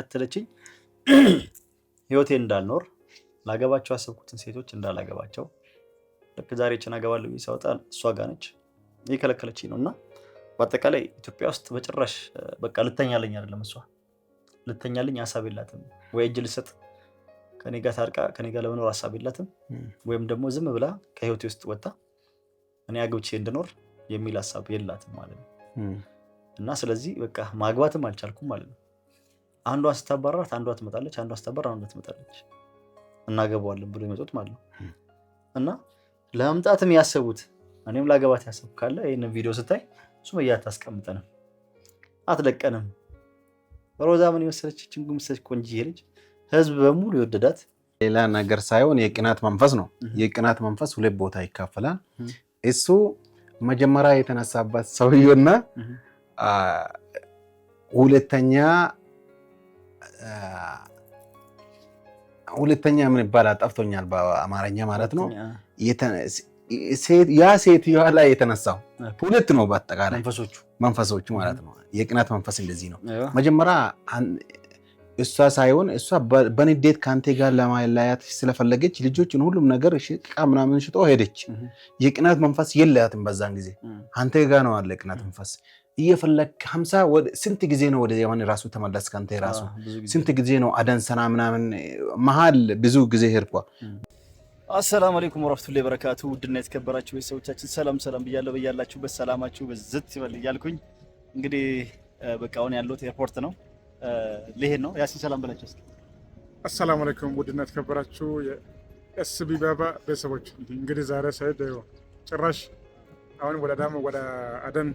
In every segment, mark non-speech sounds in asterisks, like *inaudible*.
ከተከተለችኝ ህይወቴ እንዳልኖር ላገባቸው ያሰብኩትን ሴቶች እንዳላገባቸው ልክ ዛሬ ችን አገባለሁ ሰወጣ እሷ ጋ ነች ነው እና በአጠቃላይ ኢትዮጵያ ውስጥ በጭራሽ በቃ ልተኛለኝ አይደለም እሷ ልተኛለኝ ሀሳብ የላትም ወይ እጅ ልሰጥ ከኔ ጋር ታርቃ ከኔ ጋር ለመኖር ሀሳብ የላትም ወይም ደግሞ ዝም ብላ ከህይወቴ ውስጥ ወጣ እኔ አግብቼ እንድኖር የሚል ሀሳብ የላትም ማለት ነው እና ስለዚህ በቃ ማግባትም አልቻልኩም ማለት ነው አንዷ ስታባራት አንዷ ትመጣለች፣ አንዷ ስታባራ አንዷ ትመጣለች። እናገባዋለን ብሎ የመጡት ማለት ነው። እና ለመምጣትም ያሰቡት እኔም ላገባት ያሰብኩ ካለ ይህን ቪዲዮ ስታይ ሱመያ አታስቀምጠንም፣ አትለቀንም። ሮዛ ምን የመሰለች ችንጉ መሰለች ቆንጂ ልጅ ህዝብ በሙሉ ይወደዳት። ሌላ ነገር ሳይሆን የቅናት መንፈስ ነው። የቅናት መንፈስ ሁለት ቦታ ይካፈላል። እሱ መጀመሪያ የተነሳባት ሰውዬና ሁለተኛ ሁለተኛ ምን ይባላል ጠፍቶኛል፣ በአማርኛ ማለት ነው። ያ ሴትዮዋ ላይ የተነሳው ሁለት ነው፣ በአጠቃላይ መንፈሶቹ ማለት ነው። የቅናት መንፈስ እንደዚህ ነው። መጀመሪያ እሷ ሳይሆን እሷ በንዴት ከአንቴ ጋር ለማላያት ስለፈለገች ልጆችን፣ ሁሉም ነገር ሽቃ ምናምን ሽጦ ሄደች። የቅናት መንፈስ የለያትም በዛን ጊዜ አንቴ ጋር ነው አለ ቅናት መንፈስ እየፈለክ ሀምሳ ስንት ጊዜ ነው ወደ የሆነ ራሱ ተመለስ ከንተ ራሱ ስንት ጊዜ ነው አደንሰና ምናምን መሀል ብዙ ጊዜ ሄድኳ። አሰላሙ አለይኩም ወራህመቱላሂ በረካቱ። ውድና የተከበራችሁ ቤተሰቦቻችን ሰላም ሰላም ብያለሁ። በያላችሁበት ሰላማችሁ በዝት ይበል እያልኩኝ እንግዲህ በቃ አሁን ያለሁት ኤርፖርት ነው። ልሄድ ነው። ያሲን ሰላም ብላችሁ እስኪ። አሰላሙ አለይኩም ውድና የተከበራችሁ የኤስቢ ባባ ቤተሰቦች እንግዲህ ዛሬ ሳይድ ጭራሽ አሁን ወደ አዳም ወደ አደን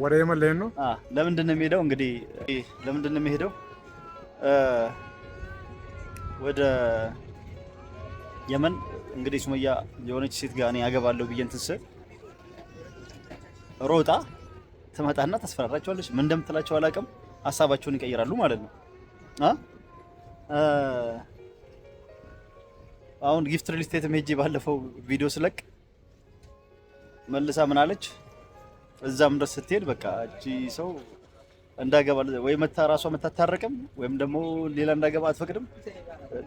ወደ የመን ልሄድ ነው። ለምንድን ነው የሚሄደው? እንግዲህ ለምንድን ነው የሚሄደው? ወደ የመን እንግዲህ ሱመያ የሆነች ሴት ጋር እኔ ያገባለሁ ብዬ እንትን ስል ሮጣ ትመጣና ታስፈራራቸዋለች። ምን እንደምትላቸው አላውቅም። ሀሳባቸውን ይቀይራሉ ማለት ነው። አሁን ጊፍት ሪል ስቴትም ሄጄ ባለፈው ቪዲዮ ስለቅ መልሳ ምን አለች? እዛም ድረስ ስትሄድ በቃ እቺ ሰው እንዳገባ ወይ መታ ራሷ መታታረቅም ወይም ደግሞ ሌላ እንዳገባ አትፈቅድም።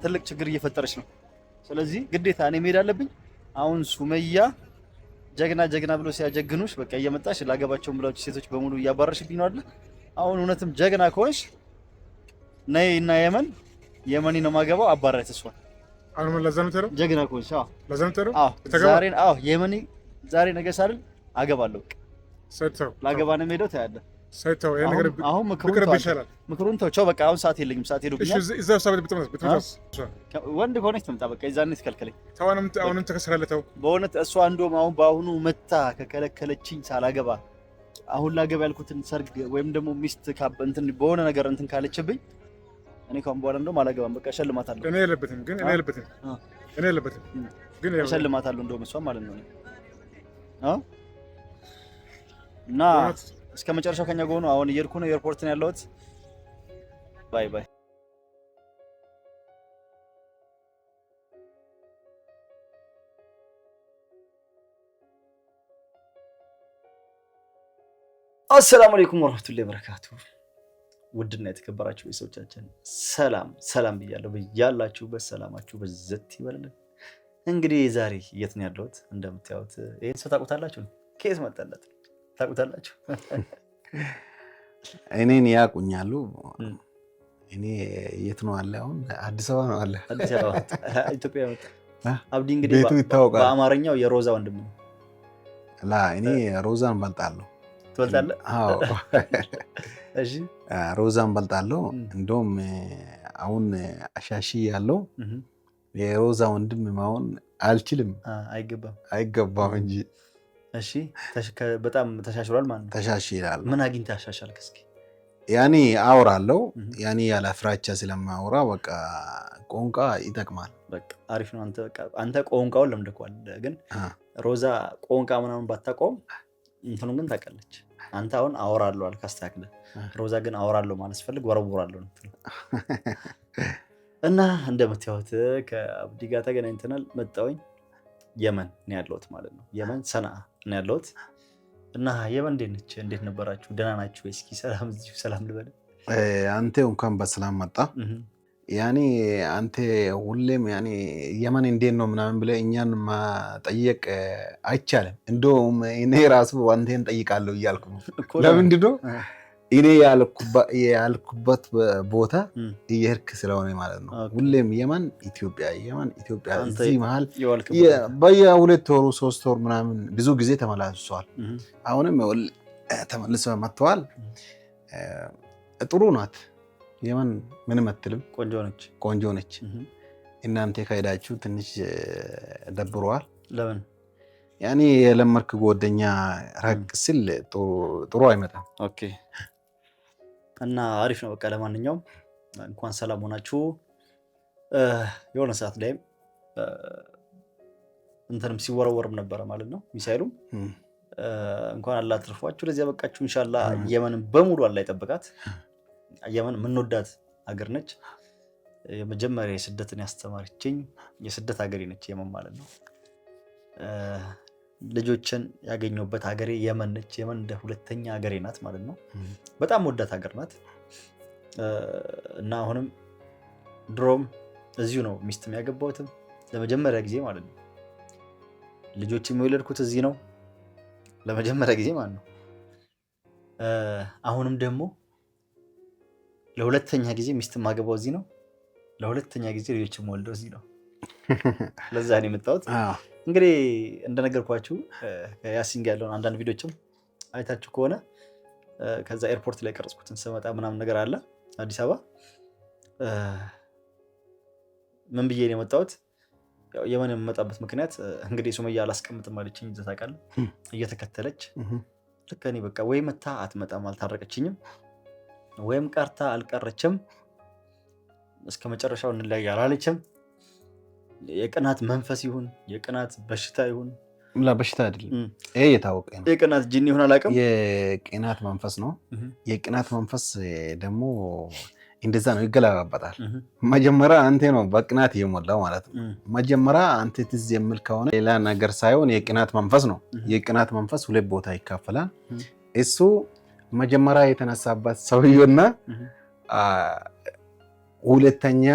ትልቅ ችግር እየፈጠረች ነው። ስለዚህ ግዴታ እኔ መሄድ አለብኝ። አሁን ሱመያ ጀግና ጀግና ብሎ ሲያጀግኑሽ በቃ እየመጣሽ ላገባቸውን ብላችሁ ሴቶች በሙሉ እያባረርሽብኝ ነው አይደል? አሁን እውነትም ጀግና ከሆንሽ ነይ እና የመን የመኒ ነው ማገባው አባራይ ተስፋል አሁን ለዛ ነው ተረው ጀግና ከሆንሽ አዎ፣ ለዛ ነው አዎ፣ ዛሬ አዎ የመኒ ዛሬ ነገ ሳልል አገባለሁ። ላገባ ነው የምሄደው ትያለህ። አሁን ምክሩን ተው ቸው በቃ አሁን ሰዓት የለኝም። ሰዓት ሄዶብኛል። ወንድ ከሆነች ትምጣ በቃ የዛኔ ትከልከለኝ። አሁንም ተከስራለህ። በእውነት እሷ እንደውም አሁን በአሁኑ መታ ከከለከለችኝ ሳላገባ አሁን ላገባ ያልኩትን ሰርግ ወይም ደግሞ ሚስት እንትን በሆነ ነገር እንትን ካለችብኝ እኔ ከአሁን በኋላ እንደውም አላገባም። በቃ እሸልማታለሁ። እኔ የለበትም ግን እኔ የለበትም እኔ የለበትም ግን እሸልማታለሁ። እንደውም እሷ ማለት ነው እና እስከ መጨረሻው ከኛ ጎኑ። አሁን እየሄድኩ ነው፣ ኤርፖርት ነው ያለሁት። ባይ ባይ። አሰላሙ አለይኩም ወራህመቱላሂ ወበረካቱ። ውድና የተከበራችሁ ቤተሰቦቻችን ሰላም ሰላም ብያለሁ። ያላችሁበት ሰላማችሁ በዘት ይበልልን። እንግዲህ ዛሬ የት ነው ያለሁት? እንደምታዩት ይህን ሰው ታውቁታላችሁ። ኬስ መጣለት ታውቁታላችሁ። *laughs* እኔን ያውቁኛሉ። እኔ የት ነው አለ? አሁን አዲስ አበባ ነው አለ። አዲስ አበባ *laughs* ኢትዮጵያ አብዲ እንግዲህ ቤቱ ይታወቃል። በአማርኛው የሮዛ ወንድም ነው። ላ እኔ ሮዛን በልጣለሁ። ትበልጣለህ? *laughs* እሺ ሮዛን በልጣለሁ። እንደውም አሁን አሻሺ ያለው የሮዛ ወንድም መሆን አልችልም። አይገባም አይገባም እንጂ እሺ በጣም ተሻሽሏል ማለት ነው። ተሻሽላል። ምን አግኝተህ አሻሻልክ? እስኪ ያኔ አወራለሁ። ያኔ ያለ ፍራቻ ስለማወራ በቃ ቋንቋ ይጠቅማል። አሪፍ ነው። አንተ ቋንቋውን ለምደኳል። ግን ሮዛ ቋንቋ ምናምን ባታቆም እንትኑ ግን ታውቃለች። አንተ አሁን አወራለሁ አልክ አስተካክለህ። ሮዛ ግን አወራለሁ ማለት ስፈልግ ወረውራለሁ ነው *laughs* እና እንደምታዩት ከአብዲ ጋር ተገናኝተናል። መጣሁኝ የመን ነው ያለሁት ማለት ነው። የመን ሰንዓ ነው ያለሁት። እና የመን እንደነች እንዴት ነበራችሁ? ደህና ናችሁ? እስኪ ሰላም እዚሁ ሰላም ልበል። አንተ እንኳን በሰላም መጣ። ያኔ አንተ ሁሌም ያኔ የመን እንዴት ነው ምናምን ብለህ እኛን መጠየቅ አይቻልም። እንደውም እኔ ራሱ አንተን ጠይቃለሁ እያልኩ ነው። ለምንድን ነው እኔ ያልኩበት ቦታ እየሄድክ ስለሆነ ማለት ነው። ሁሌም የመን ኢትዮጵያ፣ የመን ኢትዮጵያ። እዚህ መሀል በየሁለት ወሩ ሶስት ወር ምናምን ብዙ ጊዜ ተመላልሷል። አሁንም ተመልሶ መጥተዋል። ጥሩ ናት የመን ምንም አትልም። ቆንጆ ነች። እናንተ ከሄዳችሁ ትንሽ ደብረዋል። ለምን ያኔ የለመድክ ጓደኛ ረቅ ሲል ጥሩ አይመጣም። ኦኬ እና አሪፍ ነው። በቃ ለማንኛውም እንኳን ሰላም ሆናችሁ። የሆነ ሰዓት ላይም እንትንም ሲወረወርም ነበረ ማለት ነው ሚሳይሉም እንኳን አላህ አትርፏችሁ ለዚህ ያበቃችሁ። እንሻላ የመንም በሙሉ አላህ ይጠብቃት። የመን የምንወዳት ሀገር ነች። የመጀመሪያ የስደትን ያስተማርችኝ የስደት ሀገሬ ነች የመን ማለት ነው። ልጆችን ያገኘሁበት ሀገሬ የመን ነች። የመን እንደ ሁለተኛ ሀገሬ ናት ማለት ነው። በጣም ወዳት ሀገር ናት እና አሁንም ድሮም እዚሁ ነው ሚስት የሚያገባትም ለመጀመሪያ ጊዜ ማለት ነው። ልጆች የሚወለድኩት እዚህ ነው ለመጀመሪያ ጊዜ ማለት ነው። አሁንም ደግሞ ለሁለተኛ ጊዜ ሚስት የማገባው እዚህ ነው። ለሁለተኛ ጊዜ ልጆች ወልደው እዚህ ነው። ለዛ ነው የመጣሁት። እንግዲህ እንደነገርኳችሁ ያሲን ያለውን አንዳንድ ቪዲዮችም አይታችሁ ከሆነ ከዛ ኤርፖርት ላይ ቀረጽኩትን ስመጣ ምናምን ነገር አለ አዲስ አበባ ምን ብዬ ነው የመጣሁት? የመን የምመጣበት ምክንያት እንግዲህ ሱመያ አላስቀምጥም አለችኝ። እዛ ታውቃለህ፣ እየተከተለች ልክ እኔ በቃ ወይ መታ አትመጣም፣ አልታረቀችኝም፣ ወይም ቀርታ አልቀረችም፣ እስከ መጨረሻው እንለያ አላለችም። የቅናት መንፈስ ይሁን የቅናት በሽታ ይሁን ላ በሽታ አይደለም። ይሄ የታወቀ ነው። የቅናት ጂኒ ይሁን አላውቅም። የቅናት መንፈስ ነው። የቅናት መንፈስ ደግሞ እንደዛ ነው፣ ይገለባበጣል። መጀመሪያ አንተ ነው በቅናት የሞላው ማለት ነው። መጀመሪያ አንተ ትዝ የሚል ከሆነ ሌላ ነገር ሳይሆን የቅናት መንፈስ ነው። የቅናት መንፈስ ሁለት ቦታ ይካፈላል። እሱ መጀመሪያ የተነሳበት ሰውዬና ሁለተኛ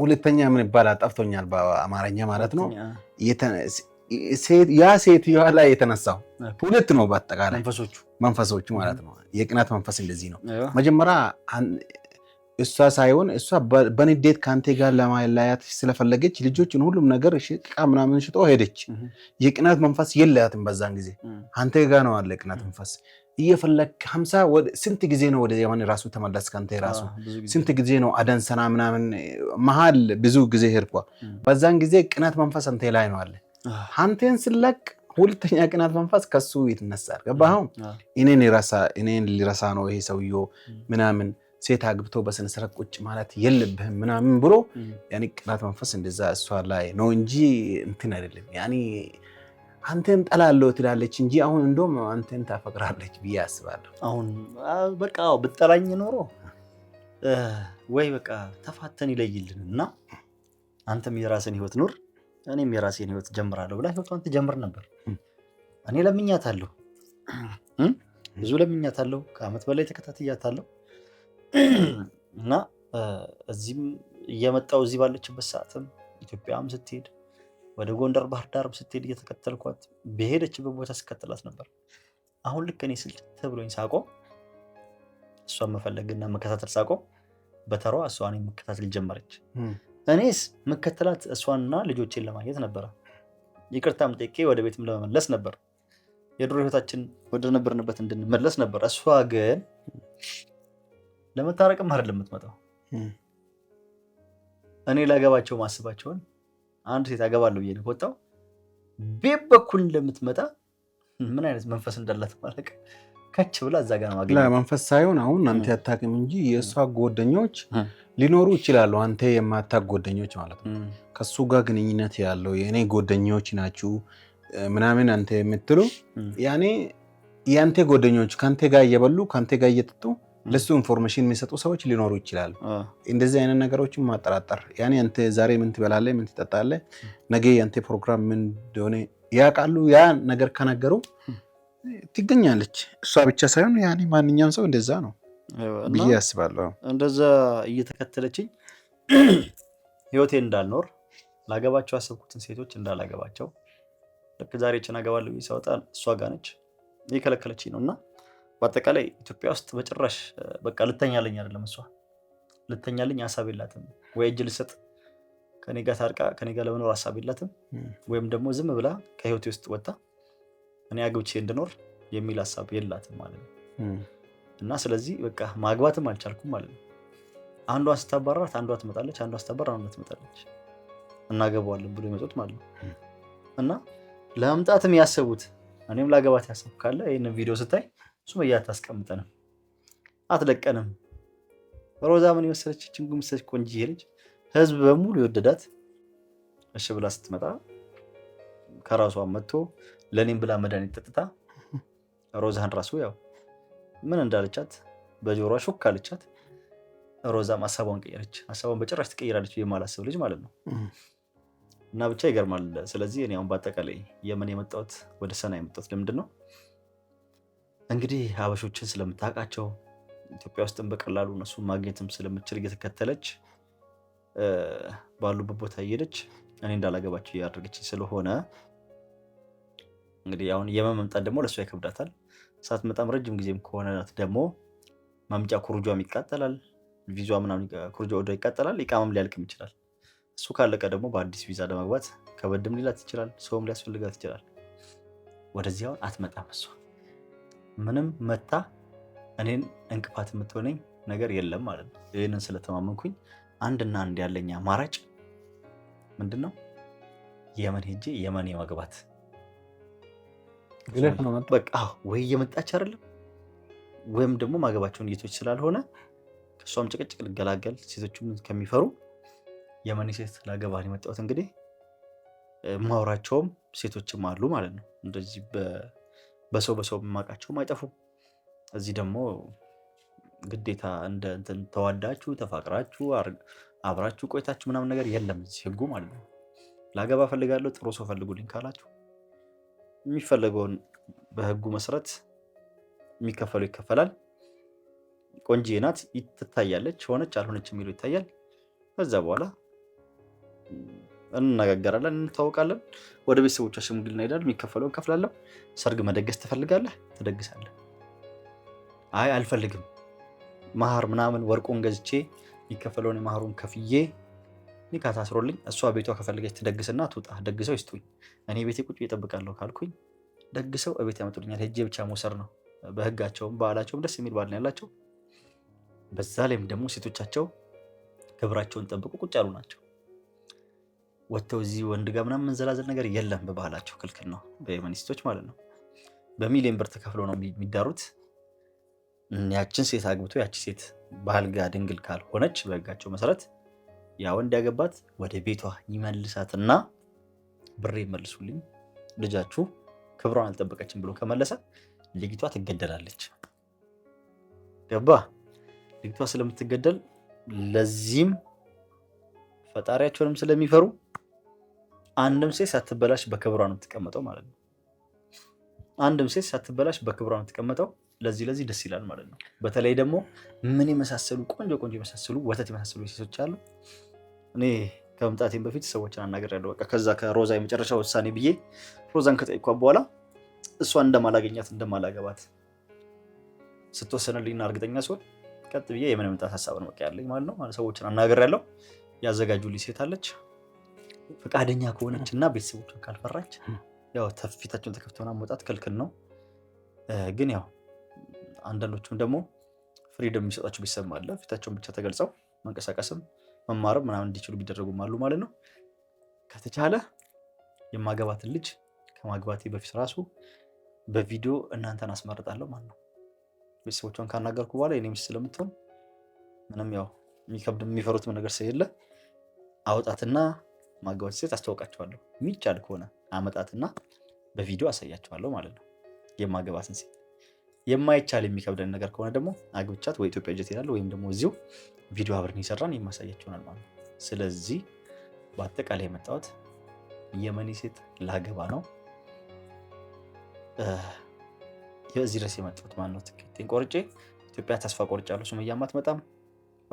ሁለተኛ ምን ይባላል? ጠፍቶኛል በአማርኛ ማለት ነው። ያ ሴትዮዋ ላይ የተነሳው ሁለት ነው በአጠቃላይ መንፈሶቹ ማለት ነው። የቅናት መንፈስ እንደዚህ ነው። መጀመሪያ እሷ ሳይሆን እሷ በንዴት ከአንተ ጋር ለማላያት ስለፈለገች ልጆችን ሁሉም ነገር ሽቃ ምናምን ሽጦ ሄደች። የቅናት መንፈስ የለያትም በዛን ጊዜ አንተ ጋር ነው አለ የቅናት መንፈስ እየፈለግ ሀምሳ ስንት ጊዜ ነው ወደ ሆነ ራሱ ተመለስ ከንተ ራሱ ስንት ጊዜ ነው አደን ሰና ምናምን መሀል ብዙ ጊዜ ሄድኳ። በዛን ጊዜ ቅናት መንፈስ አንተ ላይ ነው አለ። አንተን ስለቅ ሁለተኛ ቅናት መንፈስ ከሱ ይትነሳል። ገባህ? እኔን እኔን ሊረሳ ነው ይሄ ሰውዮ ምናምን ሴት አግብቶ በስነስርዓት ቁጭ ማለት የለብህም ምናምን ብሎ ቅናት መንፈስ እንደዛ እሷ ላይ ነው እንጂ እንትን አይደለም ያኔ አንተን ጠላለሁ ትላለች እንጂ አሁን እንደውም አንተን ታፈቅራለች ብዬ አስባለሁ። አሁን በቃ ብጠላኝ ኖሮ ወይ በቃ ተፋተን ይለይልን እና አንተም የራስን ህይወት ኑር፣ እኔም የራሴን ህይወት ጀምራለሁ ብላ ህይወቷን ትጀምር ነበር። እኔ ለምኛታለሁ፣ ብዙ ለምኛታለሁ፣ ከአመት በላይ ተከታትያታለሁ እና እዚህም እየመጣው እዚህ ባለችበት ሰዓትም ኢትዮጵያም ስትሄድ ወደ ጎንደር ባህር ዳር ስትሄድ እየተከተልኳት በሄደችበት ቦታ ስከተላት ነበር። አሁን ልክ እኔ ስልት ተብሎኝ ሳቆም እሷን መፈለግና መከታተል ሳቆም በተሯ እሷን መከታተል ጀመረች። እኔስ መከተላት እሷንና ልጆቼን ለማግኘት ነበረ። ይቅርታም ጠይቄ ወደ ቤትም ለመመለስ ነበር። የድሮ ህይወታችን ወደነበርንበት እንድንመለስ ነበር። እሷ ግን ለመታረቅም አይደለም የምትመጣው እኔ ላገባቸው ማስባቸውን አንድ ሴት አገባለሁ ብዬ ነው ከወጣሁ ቤት በኩል እንደምትመጣ ምን አይነት መንፈስ እንዳላት ማለቅ ከች ብላ እዛ ጋር ነው ማግኘት መንፈስ ሳይሆን አሁን አንተ ያታቅም እንጂ የእሷ ጓደኞች ሊኖሩ ይችላሉ። አንተ የማታቅ ጓደኞች ማለት ነው። ከሱ ጋር ግንኙነት ያለው የእኔ ጓደኞች ናችሁ ምናምን አንተ የምትሉ ያኔ የአንተ ጓደኞች ከአንተ ጋር እየበሉ ከአንተ ጋር እየጠጡ ለሱ ኢንፎርሜሽን የሚሰጡ ሰዎች ሊኖሩ ይችላሉ። እንደዚህ አይነት ነገሮችን ማጠራጠር ያኔ አንተ ዛሬ ምን ትበላለህ፣ ምን ትጠጣለህ፣ ነገ ያንተ ፕሮግራም ምን እንደሆነ ያውቃሉ። ያ ነገር ከነገሩ ትገኛለች። እሷ ብቻ ሳይሆን ያኔ ማንኛውም ሰው እንደዛ ነው ብዬ ያስባለሁ። እንደዛ እየተከተለችኝ ህይወቴ እንዳልኖር ላገባቸው ያሰብኩትን ሴቶች እንዳላገባቸው ልክ ዛሬ ችን አገባለሁ ሰወጣ እሷ ጋር ነች ነው እና በአጠቃላይ ኢትዮጵያ ውስጥ በጭራሽ በቃ ልተኛለኝ አይደለም እሷ ልተኛለኝ ሀሳብ የላትም ወይ እጅ ልሰጥ ከኔ ጋር ታርቃ ከኔ ጋር ለመኖር ሀሳብ የላትም ወይም ደግሞ ዝም ብላ ከህይወቴ ውስጥ ወጣ እኔ አግብቼ እንድኖር የሚል ሀሳብ የላትም ማለት ነው። እና ስለዚህ በቃ ማግባትም አልቻልኩም ማለት ነው። አንዷ ስታባራት አንዷ ትመጣለች፣ አንዷ ስታባራ አንዷ ትመጣለች። እናገባዋለን ብሎ ይመጡት ማለት ነው። እና ለመምጣትም ያሰቡት እኔም ላገባት ያሰብ ካለ ይህን ቪዲዮ ስታይ ሱመያ አታስቀምጠንም፣ አትለቀንም። ሮዛ ምን የመሰለች ችንጉ መሰለች ቆንጆ ልጅ ህዝብ በሙሉ የወደዳት እሺ ብላ ስትመጣ ከራሷ መጥቶ ለእኔም ብላ መድኃኒት ጠጥታ ሮዛን ራሱ ያው ምን እንዳለቻት በጆሯ ሾክ አለቻት። ሮዛም ሀሳቧን ቀየረች። ሀሳቧን በጭራሽ ትቀይራለች የማላስብ ልጅ ማለት ነው። እና ብቻ ይገርማል። ስለዚህ እኔ አሁን በአጠቃላይ የምን የመጣሁት ወደ ሰና የመጣሁት ለምንድን ነው እንግዲህ ሀበሾችን ስለምታውቃቸው ኢትዮጵያ ውስጥም በቀላሉ እነሱ ማግኘትም ስለምችል እየተከተለች ባሉበት ቦታ እየሄደች እኔ እንዳላገባቸው እያደረገች ስለሆነ እንግዲህ አሁን የመን መምጣት ደግሞ ለእሷ ይከብዳታል። ሳትመጣም ረጅም ጊዜም ከሆነናት ደግሞ ማምጫ ኩርጇም ይቃጠላል፣ ቪዛ ምናምን ኩርጇ ወደ ይቃጠላል፣ ኢቃማም ሊያልቅም ይችላል። እሱ ካለቀ ደግሞ በአዲስ ቪዛ ለመግባት ከበድም ሊላት ይችላል፣ ሰውም ሊያስፈልጋት ይችላል። ወደዚህ አሁን አትመጣም እሷ ምንም መታ እኔን እንቅፋት የምትሆነኝ ነገር የለም ማለት ነው። ይህንን ስለተማመንኩኝ አንድና አንድ ያለኝ አማራጭ ምንድን ነው? የመን ሄጄ የመን የመግባት በቃ ወይ እየመጣች አይደለም ወይም ደግሞ ማገባቸውን ጌቶች ስላልሆነ ከእሷም ጭቅጭቅ ልገላገል ሴቶችም ከሚፈሩ የመኔ ሴት ላገባ የመጣሁት እንግዲህ ማውራቸውም ሴቶችም አሉ ማለት ነው እንደዚህ በሰው በሰው የማውቃቸውም አይጠፉም። እዚህ ደግሞ ግዴታ እንደ እንትን ተዋዳችሁ ተፋቅራችሁ አብራችሁ ቆይታችሁ ምናምን ነገር የለም እዚህ ህጉ ማለት ነው። ላገባ ፈልጋለሁ ጥሩ ሰው ፈልጉልኝ ካላችሁ የሚፈለገውን በህጉ መሰረት የሚከፈሉ ይከፈላል። ቆንጂዬ ናት ትታያለች፣ ሆነች አልሆነች የሚለው ይታያል። ከዛ በኋላ እንነጋገራለን፣ እንታወቃለን። ወደ ቤተሰቦቿ ሽምግልና ሄዳል። የሚከፈለው እንከፍላለን። ሰርግ መደገስ ትፈልጋለህ? ትደግሳለህ። አይ አልፈልግም፣ መሀር ምናምን ወርቁን ገዝቼ የሚከፈለውን የመሀሩን ከፍዬ እኔ እሷ ቤቷ ከፈለገች ትደግስና ትውጣ። ደግሰው ይስጡኝ፣ እኔ ቤቴ ቁጭ እጠብቃለሁ ካልኩኝ ደግሰው እቤት ያመጡልኛል። ሄጄ ብቻ መውሰድ ነው። በህጋቸውም በዓላቸውም ደስ የሚል ባህል ነው ያላቸው። በዛ ላይም ደግሞ ሴቶቻቸው ክብራቸውን ጠብቁ ቁጭ ያሉ ናቸው። ወጥተው እዚህ ወንድ ጋር ምናምን የምንዘላዘል ነገር የለም። በባህላቸው ክልክል ነው፣ በየመኒስቶች ማለት ነው። በሚሊዮን ብር ተከፍሎ ነው የሚዳሩት። ያችን ሴት አግብቶ ያቺ ሴት ባህልጋ ድንግል ካልሆነች በህጋቸው መሰረት ያ ወንድ ያገባት ወደ ቤቷ ይመልሳትና ብሬ ይመልሱልኝ፣ ልጃችሁ ክብሯን አልጠበቀችም ብሎ ከመለሰ ልጅቷ ትገደላለች። ገባ ልጅቷ ስለምትገደል ለዚህም ፈጣሪያቸውንም ስለሚፈሩ አንድም ሴት ሳትበላሽ በክብሯ ነው የምትቀመጠው ማለት ነው። አንድም ሴት ሳትበላሽ በክብሯ ነው የምትቀመጠው። ለዚህ ለዚህ ደስ ይላል ማለት ነው። በተለይ ደግሞ ምን የመሳሰሉ ቆንጆ ቆንጆ የመሳሰሉ ወተት የመሳሰሉ ሴቶች አሉ። እኔ ከመምጣቴም በፊት ሰዎችን አናግሬያለሁ። በቃ ከዛ ከሮዛ የመጨረሻ ውሳኔ ብዬ ሮዛን ከጠይኳት በኋላ እሷን እንደማላገኛት እንደማላገባት ስትወሰንልኝና እርግጠኛ ሲሆን ቀጥ ብዬ የመምጣት ሀሳብ ነው በቃ ያለኝ ማለት ነው። ሰዎችን አናግሬያለሁ። ያዘጋጁልኝ ሴት አለች። ፈቃደኛ ከሆነች እና ቤተሰቦቿን ካልፈራች ያው ፊታቸውን ተከፍተው ምናምን መውጣት ክልክል ነው። ግን ያው አንዳንዶቹም ደግሞ ፍሪደም የሚሰጣቸው ቤተሰብ አለ። ፊታቸውን ብቻ ተገልጸው መንቀሳቀስም መማርም ምናምን እንዲችሉ ቢደረጉም አሉ ማለት ነው። ከተቻለ የማገባትን ልጅ ከማግባቴ በፊት ራሱ በቪዲዮ እናንተን አስመርጣለሁ ማለት ነው። ቤተሰቦቿን ካናገርኩ በኋላ የኔ ሚስት ስለምትሆን ምንም ያው የሚፈሩትም ነገር ስለሌለ አውጣትና ማግባት ሴት አስተዋውቃቸዋለሁ። የሚቻል ከሆነ አመጣትና በቪዲዮ አሳያቸዋለሁ ማለት ነው የማገባትን ሴት። የማይቻል የሚከብደን ነገር ከሆነ ደግሞ አግብቻት ወይ ኢትዮጵያ ጀት ይላል ወይም ደግሞ እዚሁ ቪዲዮ አብረን የሰራን የማሳያቸውናል ማለት ነው። ስለዚህ በአጠቃላይ የመጣሁት የመኒ ሴት ላገባ ነው። እዚህ ድረስ የመጣሁት ማነው ትኬቴን ቆርጬ ኢትዮጵያ ተስፋ ቆርጫለሁ። ሱመያ አትመጣም፣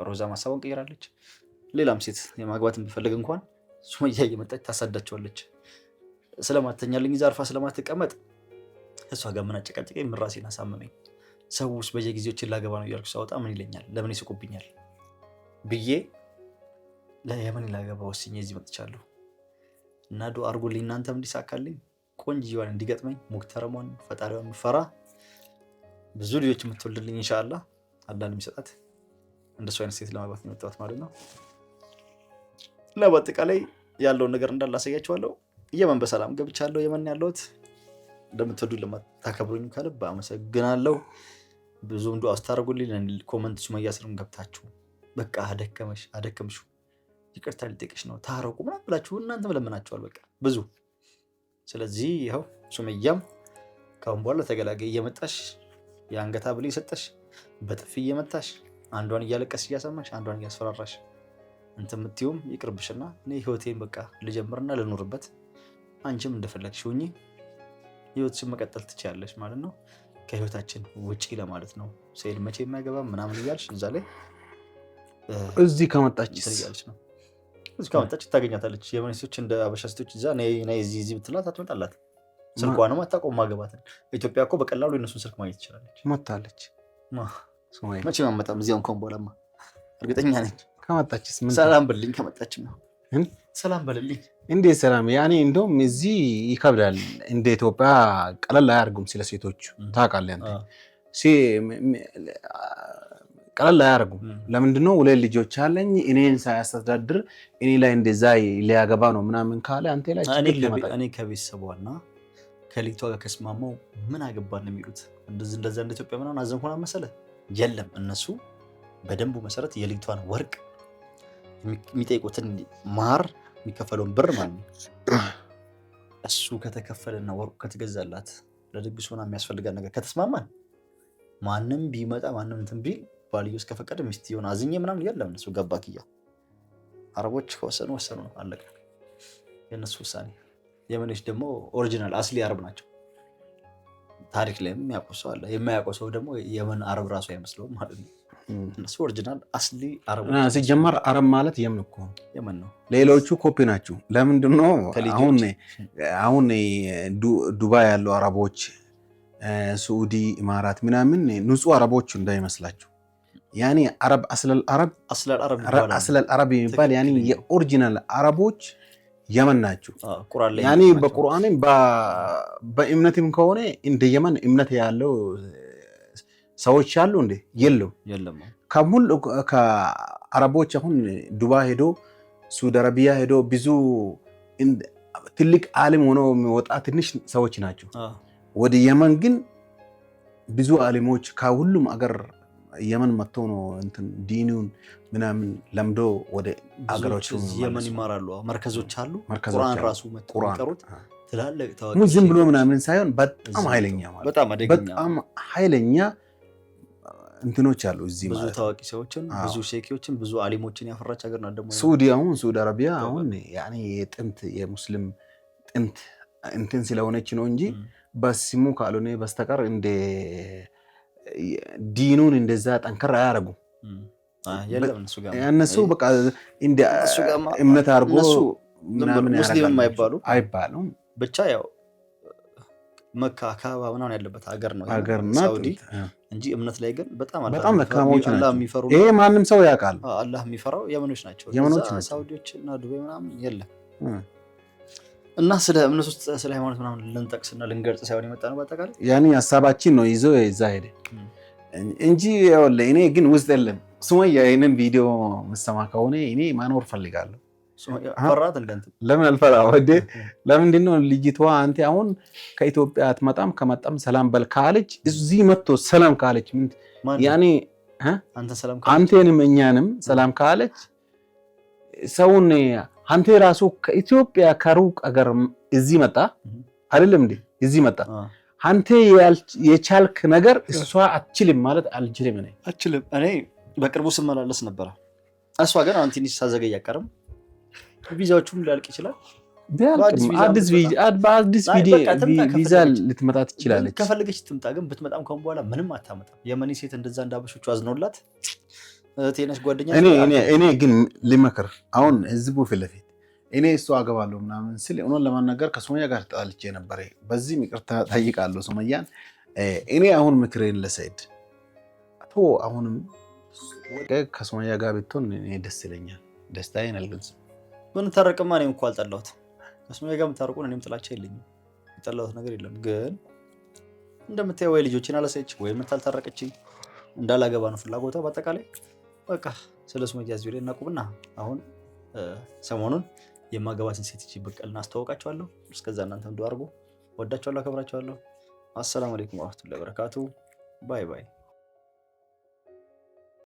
ሮዛ ሀሳቧን ቀይራለች። ሌላም ሴት የማግባት ብፈልግ እንኳን ሱመያ እየመጣች ታሳዳቸዋለች። ስለማተኛልኝ ይዛ አርፋ ስለማትቀመጥ እሷ ጋር ምን አጨቃጨቀኝ? ምን ራሴን አሳመመኝ? ሰውስ በየጊዜዎችን ላገባ ነው እያልኩ ሳወጣ ምን ይለኛል? ለምን ይስቁብኛል? ብዬ ለየመን ላገባ ወስኜ እዚህ መጥቻለሁ እና ዶ አድርጎልኝ እናንተም እንዲሳካልኝ ቆንጅዬዋን እንዲገጥመኝ ሞክተረሟን ፈጣሪዋን ምፈራ ብዙ ልጆች የምትወልድልኝ እንሻላ አላህ የሚሰጣት እንደሱ አይነት ሴት ለማግባት የመጣሁት ማለት ነው እና በአጠቃላይ ያለውን ነገር እንዳለ አሳያችኋለሁ። የመን በሰላም ገብቻለሁ። የመን ያለሁት እንደምትወዱ ለማታከብሩኝ ከልብ አመሰግናለሁ። ብዙ እንዱ ስታደርጉልኝ ኮመንት ሱመያ ስርም ገብታችሁ በቃ አደከመሽ አደከምሽ ይቅርታ ሊጠቅሽ ነው ታረቁ ምናምን ብላችሁ እናንተም ለምናችኋል በቃ ብዙ። ስለዚህ ይኸው ሱመያም ካሁን በኋላ ተገላገይ እየመጣሽ የአንገታ ብል እየሰጠሽ በጥፊ እየመታሽ አንዷን እያለቀስ እያሰማሽ አንዷን እያስፈራራሽ እንትን የምትይውም ይቅርብሽና እኔ ህይወቴን በቃ ልጀምርና ልኖርበት፣ አንቺም እንደፈለግሽ ሁኚ ህይወትሽን መቀጠል ትችያለሽ ማለት ነው፣ ከህይወታችን ውጪ ለማለት ነው። ሴል መቼ የማይገባ ምናምን እያልሽ እዛ ላይ እዚህ ከመጣች ነው። እዚህ ከመጣች ታገኛታለች። የመን እንደ አበሻ ሴቶች እዛ እዚህ እዚህ ብትላት አትመጣላት። ስልኳንም አታውቀውም። ማገባትን ኢትዮጵያ እኮ በቀላሉ የነሱን ስልክ ማግኘት ትችላለች። መታለች መቼ ማመጣም እዚያውን እንኳን በኋላማ እርግጠኛ ነኝ። ከመጣችስ ሰላም በልኝ። ከመጣችም ነው ሰላም በልልኝ። እንዴት ሰላም ያኔ እንደውም እዚህ ይከብዳል። እንደ ኢትዮጵያ ቀለል አያደርጉም። ስለ ሴቶች ታውቃለህ፣ ቀለል አያደርጉም። ለምንድነው? ሁለት ልጆች አለኝ፣ እኔን ሳያስተዳድር እኔ ላይ እንደዛ ሊያገባ ነው ምናምን ካለ አንተ ላይ እኔ ከቤተሰቧና ከልጅቷ ጋር ከስማማው ምን አገባ ነው የሚሉት። እንደዚህ እንደዛ እንደ ኢትዮጵያ ምናምን አዘንኩና መሰለ የለም እነሱ በደንቡ መሰረት የልጅቷን ወርቅ የሚጠይቁትን ማር የሚከፈለውን ብር ማለት ነው። እሱ ከተከፈለና ወርቁ ከተገዛላት ለድግስ ሆና የሚያስፈልጋት ነገር ከተስማማን ማንም ቢመጣ ማንም እንትን ቢል ባልየው እስከፈቀደ ሚስት ሆን አዝኜ ምናምን እያለ እሱ ገባ ክያ አረቦች ከወሰኑ ወሰኑ ነው አለቀ። የእነሱ ውሳኔ። የመኖች ደግሞ ኦሪጂናል አስሊ አረብ ናቸው። ታሪክ ላይም የሚያውቁ ሰው አለ። ሰው ደግሞ የመን አረብ ራሱ አይመስለውም ማለት ነው። እነሱ ኦሪጂናል አስሊ ሲጀመር አረብ ማለት የምን እኮ ነው። ሌሎቹ ኮፒ ናቸው። ለምንድን ነው አሁን አሁን ዱባይ ያሉ አረቦች ሱዑዲ፣ ኢማራት ምናምን ንጹህ አረቦች እንዳይመስላችሁ ያኔ አረብ አስለል አረብ አስለል አረብ የሚባል ያኔ የኦሪጂናል አረቦች የመን ናቸው። ያኔ በቁርአንም በእምነትም ከሆነ እንደ የመን እምነት ያለው ሰዎች አሉ እንዴ? የለው ከሙሉ ከአረቦች አሁን ዱባ ሄዶ ሱድ አረቢያ ሄዶ ብዙ ትልቅ አሊም ሆኖ የሚወጣ ትንሽ ሰዎች ናቸው። ወደ የመን ግን ብዙ አሊሞች ከሁሉም አገር የመን መጥቶ ነው እንትን ዲኑን ምናምን ለምዶ ወደ አገሮች የመን ይማራሉ። መርከዞች አሉ። ቁርአን ራሱ መጠሩት ትላልቅ ዝም ብሎ ምናምን ሳይሆን በጣም ኃይለኛ በጣም ኃይለኛ እንትኖች አሉ እዚህ ብዙ ታዋቂ ሰዎችን ብዙ ሼኪዎችን ብዙ አሊሞችን ያፈራች ሀገር ናት። ደግሞ ሱዲ አሁን ሳውዲ አረቢያ አሁን ያኔ የጥንት የሙስሊም ጥንት እንትን ስለሆነች ነው እንጂ በስሙ ካልሆነ በስተቀር እንደ ዲኑን እንደዛ ጠንከር አያደርጉ እነሱ በቃ እምነት አድርጎ ሙስሊም አይባሉ አይባሉም ብቻ ያው መካ አካባ ምናምን ያለበት ሀገር ነው ሀገር ናት። እንጂ እምነት ላይ ግን በጣም በጣም ደካማዎች ናቸው። ይሄ ማንም ሰው ያውቃል። አላህ የሚፈራው የመኖች ናቸው። ሳውዲዎች እና ዱባይ ምናምን የለም። እና ስለ እምነት ውስጥ ስለ ሃይማኖት ምናምን ልንጠቅስና ልንገልጽ ሳይሆን የመጣ ነው። በአጠቃላይ ያኔ ሀሳባችን ነው ይዞ የዛ ሄደ እንጂ እኔ ግን ውስጥ የለም። ሱመያ ይህንን ቪዲዮ ምሰማ ከሆነ እኔ ማኖር ፈልጋለሁ ለምን አልፈራም እንዴ? ለምንድን ነው ልጅቷ አንተ አሁን ከኢትዮጵያ አትመጣም? ከመጣም ሰላም በል ካለች እዚህ መጥቶ ሰላም ካለች ያኔ አንተንም እኛንም ሰላም ካለች ሰውን አንተ ራሱ ከኢትዮጵያ ከሩቅ አገር እዚህ መጣ አይደለም እንዴ? እዚህ መጣ አንተ የቻልክ ነገር እሷ አትችልም ማለት አልችልም። እኔ በቅርቡ ስመላለስ ነበረ እሷ ግን አሁን ሳዘገይ አቀርም ቪዛዎቹም ሊያልቅ ይችላል። በአዲስ ቪዛ ልትመጣ ትችላለች። ከፈለገች ትምጣ፣ ግን ብትመጣም ከሆን በኋላ ምንም አታመጣም። የመኒ ሴት እንደዛ እንዳበሾቹ አዝኖላት ቴነሽ ጓደኛ እኔ ግን ሊመክር አሁን ህዝቡ ፊት ለፊት እኔ እሱ አገባለሁ ምናምን ስል ሆኖ ለማናገር ከሱመያ ጋር ተጣልቼ ነበረ። በዚህ ይቅርታ ጠይቃለሁ ሱመያን። እኔ አሁን ምክሬን ለሰኢድ አቶ አሁንም ከሱመያ ጋር ብትሆን ደስ ይለኛል። ደስታዬን አልገልጽም። ምን ብንታረቅማ እኔም እኮ አልጠላሁትም። ከሱመያ ጋር የምታርቁን እኔም ጥላቻ የለኝም፣ የጠላሁት ነገር የለም። ግን እንደምታየው ወይ ልጆችን አላሳየች ወይም አልታረቀችኝ፣ እንዳላገባ ነው ፍላጎቷ። በአጠቃላይ በቃ ስለ ሱመያ ዚሬ ላይ እናቁምና አሁን ሰሞኑን የማገባትን ሴት በቀልና አስተዋውቃቸዋለሁ። እስከዛ እናንተም ዱ አድርጉ። ወዳቸዋለሁ፣ አከብራቸዋለሁ። አሰላሙ አለይኩም ወረህመቱላሂ ወበረካቱ። ባይ ባይ።